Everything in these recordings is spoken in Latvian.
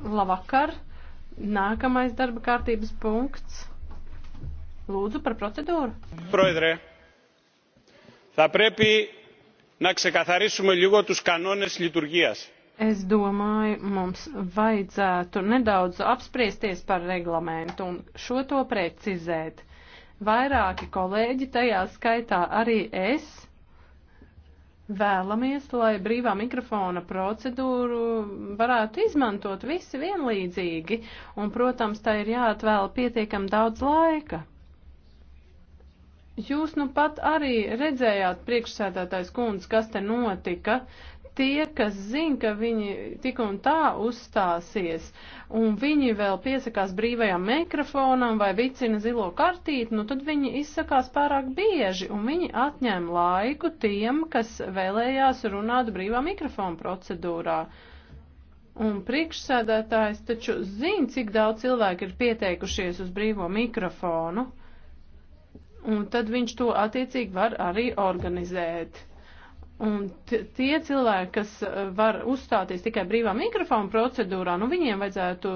Labvakar! Nākamais darba kārtības punkts. Lūdzu par procedūru. Proedrē, θα πρέπει να ξεκαθαρίσουμε λίγο τους κανόνες λειτουργίας. Es domāju, mums vajadzētu nedaudz apspriesties par reglamentu un šo to precizēt. Vairāki kolēģi, tajā skaitā arī es, vēlamies, lai brīvā mikrofona procedūru varētu izmantot visi vienlīdzīgi, un, protams, tā ir jāatvēl pietiekam daudz laika. Jūs nu pat arī redzējāt priekšsēdētājs kundz, kas te notika tie, kas zina, ka viņi tik un tā uzstāsies, un viņi vēl piesakās brīvajam mikrofonam vai vicina zilo kartīti, nu tad viņi izsakās pārāk bieži, un viņi atņem laiku tiem, kas vēlējās runāt brīvā mikrofona procedūrā. Un priekšsēdētājs taču zina, cik daudz cilvēku ir pieteikušies uz brīvo mikrofonu, un tad viņš to attiecīgi var arī organizēt. Un tie cilvēki, kas eh, var uzstāties tikai brīvā mikrofona procedūrā, nu viņiem vajadzētu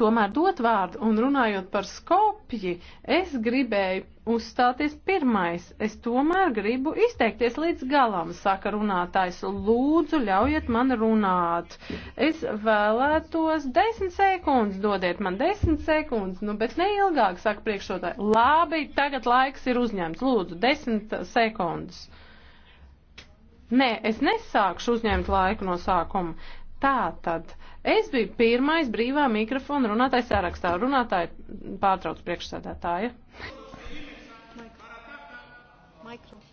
tomēr dot vārdu. Un runājot par skopji, es gribēju uzstāties pirmais. Es tomēr gribu izteikties līdz galam, saka runātājs. Lūdzu, ļaujiet man runāt. Es vēlētos desmit sekundes, dodiet man desmit sekundes, nu, bet neilgāk, saka priekšotāji. Labi, tagad laiks ir uzņemts. Lūdzu, desmit sekundes. Nē, es nesākšu uzņemt laiku no sākuma. Tā tad. Es biju pirmais brīvā mikrofona runātājs sarakstā. Runātāji pārtrauc priekšsēdētāja. Mikro. Mikro.